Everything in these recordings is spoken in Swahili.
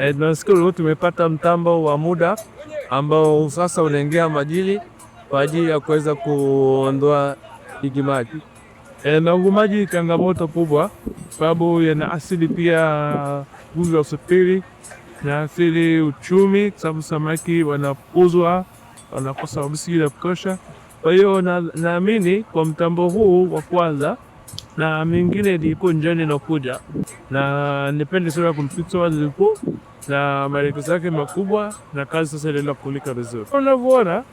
E, tumepata mtambo wa muda ambao sasa unaingia majili kwa ajili ya kuweza kuondoa ikimaji e, eh, na maji changamoto kubwa, sababu yana asili pia nguvu ya usafiri na asili uchumi, kwa sababu samaki wanapuzwa wanakosa msingi ya kutosha. Kwa hiyo naamini na kwa mtambo huu wa kwanza na mingine ilikuwa njiani nakuja, na nipende sura kumpitia walipo na maelekezo yake makubwa, na kazi sasa inaenda kulika vizuri. Unavyoona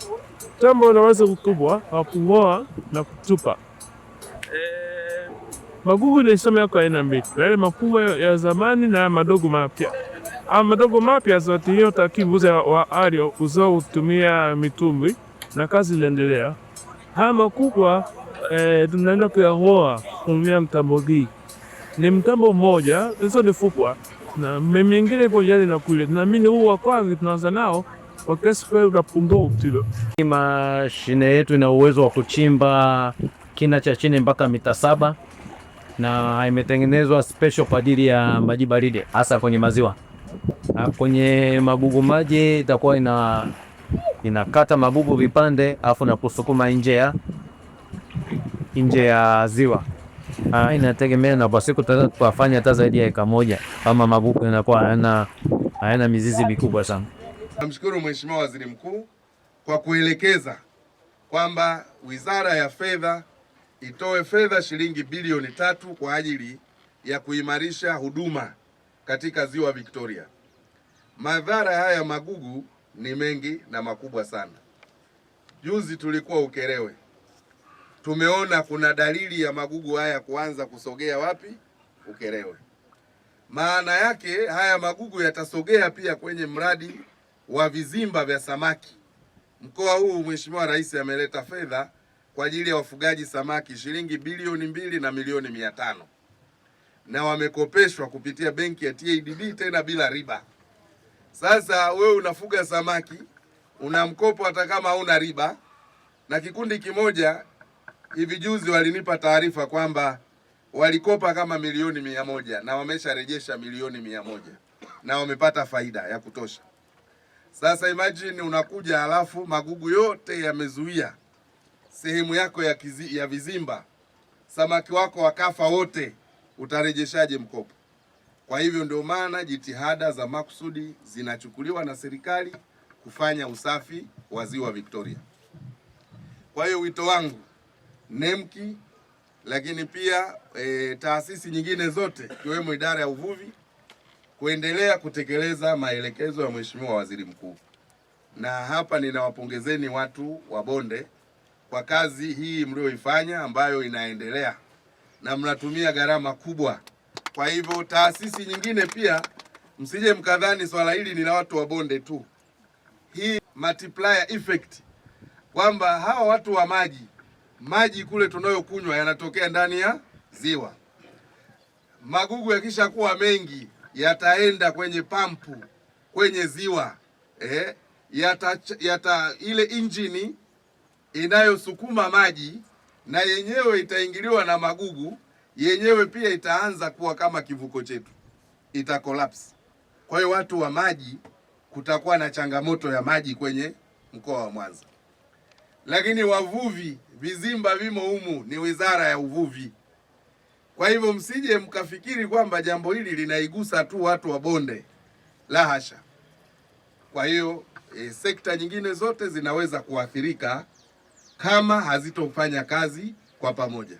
tambo unaweza kukubwa wa kung'oa na kutupa eh, magugu ni sema yako aina mbili, yale makubwa ya zamani na madogo mapya. Ama madogo mapya zote hiyo takibu za wa alio uzao kutumia mitumbwi na kazi inaendelea. Haya makubwa eh, tunaenda kuyang'oa kutumia mtambo hii. Ni mtambo mmoja, hizo ni fukwa na mmengine iko jali na kule. na mimi huu wa kwanza tunaanza nao kwa kesi kwa utapungua utilo. Mashine yetu ina uwezo wa kuchimba kina cha chini mpaka mita saba na imetengenezwa special kwa ajili ya maji baridi hasa kwenye maziwa. Na Kwenye magugu maji itakuwa ina inakata magugu vipande, afu na kusukuma nje ya nje ya ziwa. Ah, inategemea na kwa siku tunaweza tukafanya hata zaidi ya eka moja kama magugu yanakuwa hayana hayana mizizi mikubwa sana. Namshukuru Mheshimiwa Waziri Mkuu kwa kuelekeza kwamba Wizara ya Fedha itoe fedha shilingi bilioni tatu kwa ajili ya kuimarisha huduma katika Ziwa Victoria. Madhara haya magugu ni mengi na makubwa sana. Juzi tulikuwa Ukerewe tumeona kuna dalili ya magugu haya kuanza kusogea wapi? Ukerewe. Maana yake haya magugu yatasogea pia kwenye mradi wa vizimba vya samaki. Mkoa huu Mheshimiwa Rais ameleta fedha kwa ajili ya wafugaji samaki shilingi bilioni mbili na milioni mia tano na wamekopeshwa kupitia benki ya TADB tena bila riba. Sasa wewe unafuga samaki una mkopo hata kama hauna riba, na kikundi kimoja hivi juzi walinipa taarifa kwamba walikopa kama milioni mia moja na wamesharejesha milioni mia moja na wamepata faida ya kutosha. Sasa imagine unakuja halafu magugu yote yamezuia sehemu yako ya, kizi, ya vizimba, samaki wako wakafa wote, utarejeshaje mkopo? Kwa hivyo ndio maana jitihada za makusudi zinachukuliwa na serikali kufanya usafi wa ziwa Victoria. Kwa hiyo wito wangu NEMKI, lakini pia e, taasisi nyingine zote ikiwemo idara ya uvuvi kuendelea kutekeleza maelekezo ya Mheshimiwa Waziri Mkuu. Na hapa ninawapongezeni watu wa bonde kwa kazi hii mlioifanya ambayo inaendelea na mnatumia gharama kubwa. Kwa hivyo taasisi nyingine pia msije mkadhani swala hili ni la watu wa bonde tu, hii multiplier effect kwamba hawa watu wa maji maji kule tunayokunywa yanatokea ndani ya ziwa. Magugu yakishakuwa mengi yataenda kwenye pampu kwenye ziwa eh, yata, yata ile injini inayosukuma maji na yenyewe itaingiliwa na magugu, yenyewe pia itaanza kuwa kama kivuko chetu, ita collapse. Kwa hiyo watu wa maji, kutakuwa na changamoto ya maji kwenye mkoa wa Mwanza, lakini wavuvi vizimba vimo humu, ni wizara ya uvuvi. Kwa hivyo msije mkafikiri kwamba jambo hili linaigusa tu watu wa bonde, la hasha. Kwa hiyo e, sekta nyingine zote zinaweza kuathirika kama hazitofanya kazi kwa pamoja.